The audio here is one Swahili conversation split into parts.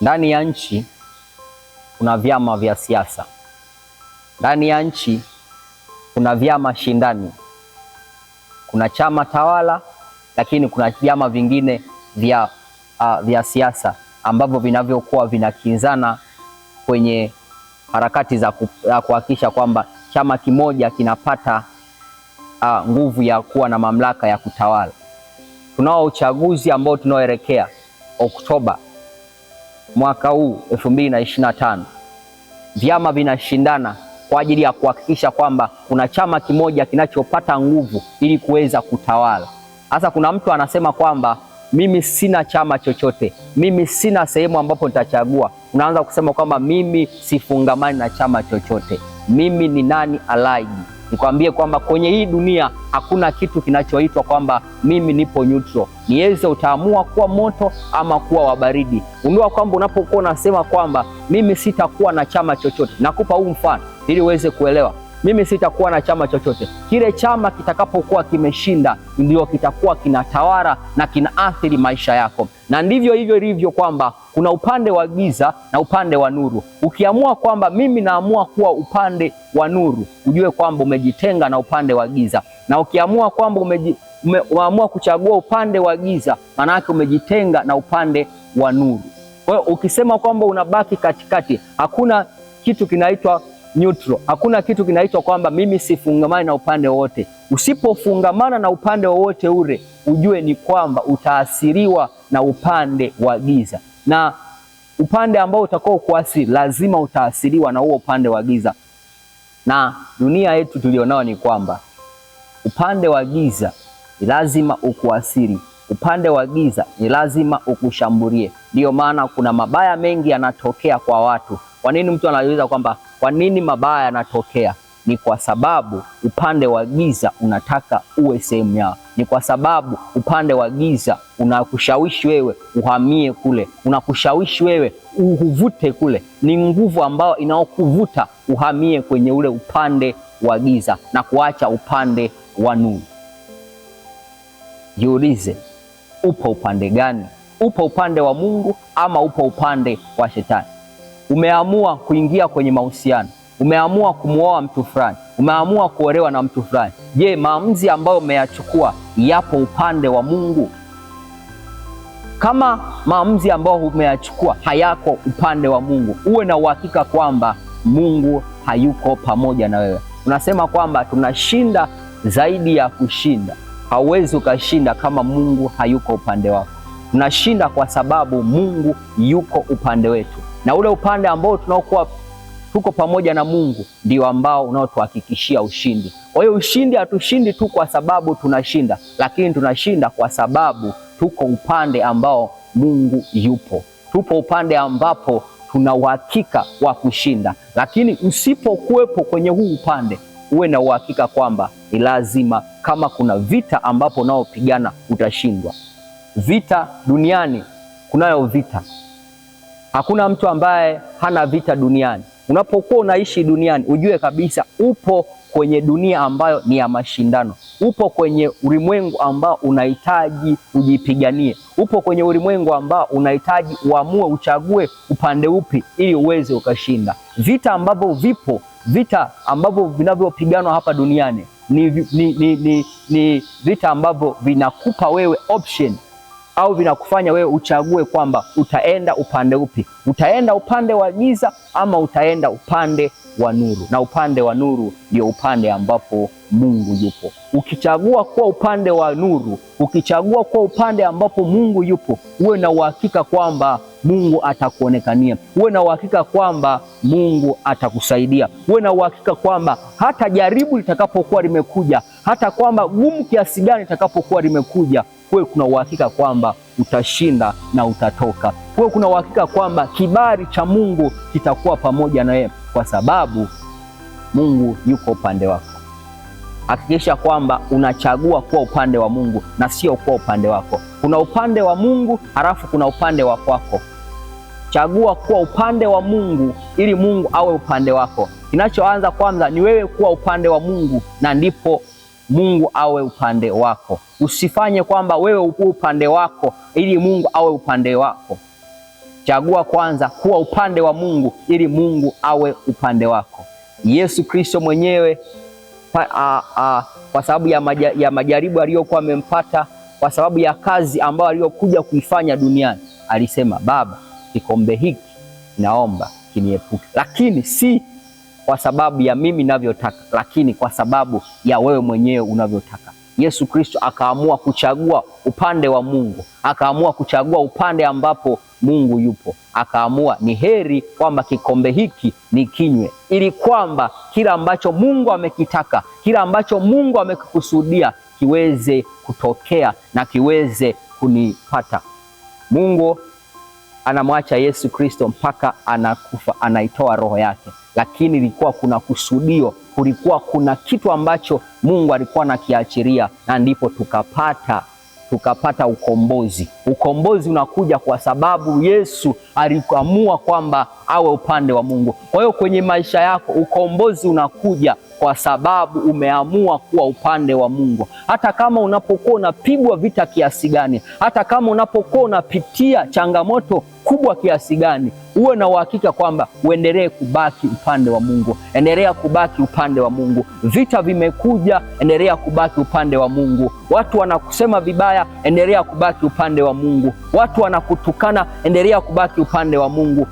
Ndani ya nchi kuna vyama vya siasa, ndani ya nchi kuna vyama shindani, kuna chama tawala, lakini kuna vyama vingine vya, uh, vya siasa ambavyo vinavyokuwa vinakinzana kwenye harakati za kuhakikisha kwamba chama kimoja kinapata uh, nguvu ya kuwa na mamlaka ya kutawala. Tunao uchaguzi ambao tunaoelekea Oktoba mwaka huu 2025 vyama vinashindana kwa ajili ya kuhakikisha kwamba kuna chama kimoja kinachopata nguvu ili kuweza kutawala. Sasa kuna mtu anasema kwamba mimi sina chama chochote, mimi sina sehemu ambapo nitachagua. Unaanza kusema kwamba mimi sifungamani na chama chochote, mimi ni nani alaiji nikwambie kwamba kwenye hii dunia hakuna kitu kinachoitwa kwamba mimi nipo neutral. Ni yeze utaamua kuwa moto ama kuwa wabaridi. Unajua kwamba unapokuwa unasema kwamba mimi sitakuwa na chama chochote, nakupa huu mfano ili uweze kuelewa mimi sitakuwa na chama chochote. Kile chama kitakapokuwa kimeshinda ndio kitakuwa kinatawala na kinaathiri maisha yako, na ndivyo hivyo ilivyo kwamba kuna upande wa giza na upande wa nuru. Ukiamua kwamba mimi naamua kuwa upande wa nuru, ujue kwamba umejitenga na upande wa giza, na ukiamua kwamba umeji, ume, umeamua kuchagua upande wa giza, maana yake umejitenga na upande wa nuru. Kwa hiyo ukisema kwamba unabaki katikati, hakuna kitu kinaitwa neutral. Hakuna kitu kinaitwa kwamba mimi sifungamani na upande wowote. Usipofungamana na upande wowote ule, ujue ni kwamba utaathiriwa na upande wa giza, na upande ambao utakao kuathiri lazima utaathiriwa na huo upande wa giza. Na dunia yetu tulionao ni kwamba upande wa giza ni lazima ukuathiri, upande wa giza ni lazima ukushambulie. Ndiyo maana kuna mabaya mengi yanatokea kwa watu. Kwa nini mtu anaweza kwamba kwa nini mabaya yanatokea? Ni kwa sababu upande wa giza unataka uwe sehemu yao. Ni kwa sababu upande wa giza unakushawishi wewe uhamie kule, unakushawishi wewe uhuvute kule. Ni nguvu ambayo inaokuvuta uhamie kwenye ule upande wa giza na kuacha upande wa nuru. Jiulize, upo upande gani? Upo upande wa Mungu ama upo upande wa Shetani? umeamua kuingia kwenye mahusiano, umeamua kumwoa mtu fulani, umeamua kuolewa na mtu fulani, je, maamuzi ambayo umeyachukua yapo upande wa Mungu? Kama maamuzi ambayo umeyachukua hayako upande wa Mungu, uwe na uhakika kwamba Mungu hayuko pamoja na wewe. unasema kwamba tunashinda zaidi ya kushinda. Hauwezi ukashinda kama Mungu hayuko upande wako. Tunashinda kwa sababu Mungu yuko upande wetu na ule upande ambao tunaokuwa tuko pamoja na Mungu ndio ambao unaotuhakikishia ushindi. Kwa hiyo ushindi, hatushindi tu kwa sababu tunashinda, lakini tunashinda kwa sababu tuko upande ambao Mungu yupo, tupo upande ambapo tuna uhakika wa kushinda. Lakini usipokuwepo kwenye huu upande, uwe na uhakika kwamba ni lazima, kama kuna vita ambapo unaopigana utashindwa. Vita duniani, kunayo vita Hakuna mtu ambaye hana vita duniani. Unapokuwa unaishi duniani, ujue kabisa upo kwenye dunia ambayo ni ya mashindano. Upo kwenye ulimwengu ambao unahitaji ujipiganie. Upo kwenye ulimwengu ambao unahitaji uamue, uchague upande upi ili uweze ukashinda. Vita ambavyo vipo, vita ambavyo vinavyopiganwa hapa duniani ni, ni, ni, ni, ni vita ambavyo vinakupa wewe option au vinakufanya wewe uchague kwamba utaenda upande upi, utaenda upande wa giza ama utaenda upande wa nuru. Na upande wa nuru ndio upande ambapo Mungu yupo. Ukichagua kuwa upande wa nuru, ukichagua kuwa upande ambapo Mungu yupo, uwe na uhakika kwamba Mungu atakuonekania, uwe na uhakika kwamba Mungu atakusaidia, uwe na uhakika kwamba hata jaribu litakapokuwa limekuja, hata kwamba gumu kiasi gani litakapokuwa limekuja wewe kuna uhakika kwamba utashinda na utatoka. Wewe kuna uhakika kwamba kibali cha Mungu kitakuwa pamoja nawe, kwa sababu Mungu yuko upande wako. Hakikisha kwamba unachagua kuwa upande wa Mungu na sio kuwa upande wako. Kuna upande wa Mungu halafu kuna upande wa kwako. Chagua kuwa upande wa Mungu ili Mungu awe upande wako. Kinachoanza kwanza ni wewe kuwa upande wa Mungu na ndipo Mungu awe upande wako. Usifanye kwamba wewe upo upande wako ili Mungu awe upande wako. Chagua kwanza kuwa upande wa Mungu ili Mungu awe upande wako. Yesu Kristo mwenyewe pa, a, a, kwa sababu ya, maja, ya majaribu aliyokuwa amempata kwa sababu ya kazi ambayo aliyokuja kuifanya duniani alisema, Baba, kikombe hiki naomba kiniepuke, lakini si kwa sababu ya mimi navyotaka, lakini kwa sababu ya wewe mwenyewe unavyotaka. Yesu Kristo akaamua kuchagua upande wa Mungu, akaamua kuchagua upande ambapo Mungu yupo, akaamua ni heri kwamba kikombe hiki ni kinywe ili kwamba kila ambacho Mungu amekitaka, kila ambacho Mungu amekikusudia kiweze kutokea na kiweze kunipata Mungu anamwacha Yesu Kristo mpaka anakufa, anaitoa roho yake, lakini ilikuwa kuna kusudio, kulikuwa kuna kitu ambacho Mungu alikuwa anakiachiria, na ndipo tukapata tukapata ukombozi. Ukombozi unakuja kwa sababu Yesu aliamua kwamba awe upande wa Mungu. Kwa hiyo kwenye maisha yako ukombozi unakuja kwa sababu umeamua kuwa upande wa Mungu. Hata kama unapokuwa unapigwa vita kiasi gani, hata kama unapokuwa unapitia changamoto kubwa kiasi gani, uwe na uhakika kwamba uendelee kubaki upande wa Mungu. Endelea kubaki upande wa Mungu. Vita vimekuja, endelea kubaki upande wa Mungu. Watu wanakusema vibaya, endelea kubaki upande wa Mungu. Watu wanakutukana, endelea kubaki upande wa Mungu.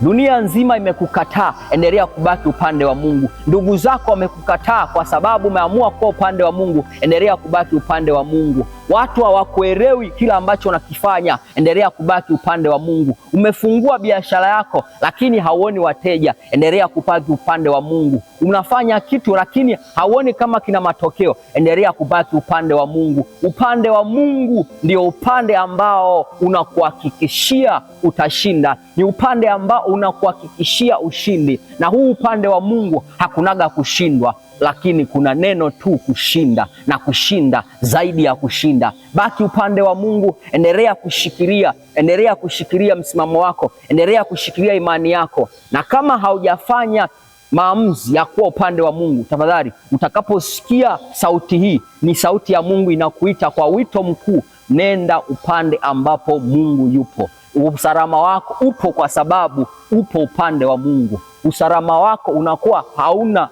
Dunia nzima imekukataa, endelea kubaki upande wa Mungu. Ndugu zako wamekukataa kwa sababu umeamua kuwa upande wa Mungu, endelea kubaki upande wa Mungu. Watu hawakuelewi kila ambacho unakifanya. Endelea kubaki upande wa Mungu. Umefungua biashara yako lakini hauoni wateja, endelea kubaki upande wa Mungu. Unafanya kitu lakini hauoni kama kina matokeo, endelea kubaki upande wa Mungu. Upande wa Mungu ndio upande ambao unakuhakikishia utashinda, ni upande ambao unakuhakikishia ushindi, na huu upande wa Mungu hakunaga kushindwa lakini kuna neno tu kushinda na kushinda zaidi ya kushinda. Baki upande wa Mungu, endelea kushikilia, endelea kushikilia msimamo wako, endelea kushikilia imani yako, na kama haujafanya maamuzi ya kuwa upande wa Mungu, tafadhali, utakaposikia sauti hii, ni sauti ya Mungu inakuita kwa wito mkuu, nenda upande ambapo Mungu yupo. Usalama wako upo kwa sababu upo upande wa Mungu. Usalama wako unakuwa hauna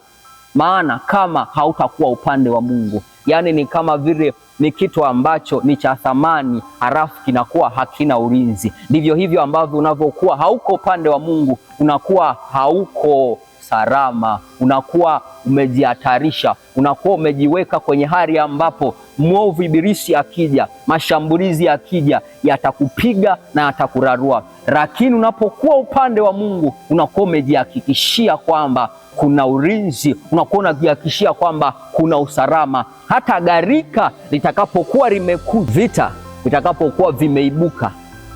maana kama hautakuwa upande wa Mungu, yaani ni kama vile ni kitu ambacho ni cha thamani, halafu kinakuwa hakina ulinzi. Ndivyo hivyo ambavyo unavyokuwa hauko upande wa Mungu, unakuwa hauko salama, unakuwa umejihatarisha, unakuwa umejiweka kwenye hali ambapo mwovu Ibilisi akija, mashambulizi akija, yatakupiga na yatakurarua. Lakini unapokuwa upande wa Mungu, unakuwa umejihakikishia kwamba kuna ulinzi, unakuwa unajihakikishia kwamba kuna usalama, hata gharika litakapokuwa limeku vita vitakapokuwa vimeibuka,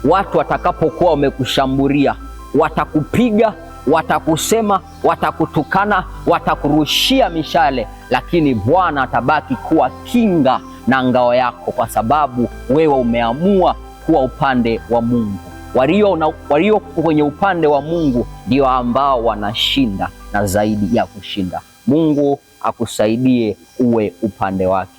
watu watakapokuwa wamekushambulia, watakupiga, watakusema, watakutukana, watakurushia mishale, lakini Bwana atabaki kuwa kinga na ngao yako, kwa sababu wewe umeamua kuwa upande wa Mungu walio, na, walio kwenye upande wa Mungu ndio ambao wanashinda na zaidi ya kushinda. Mungu akusaidie uwe upande wake.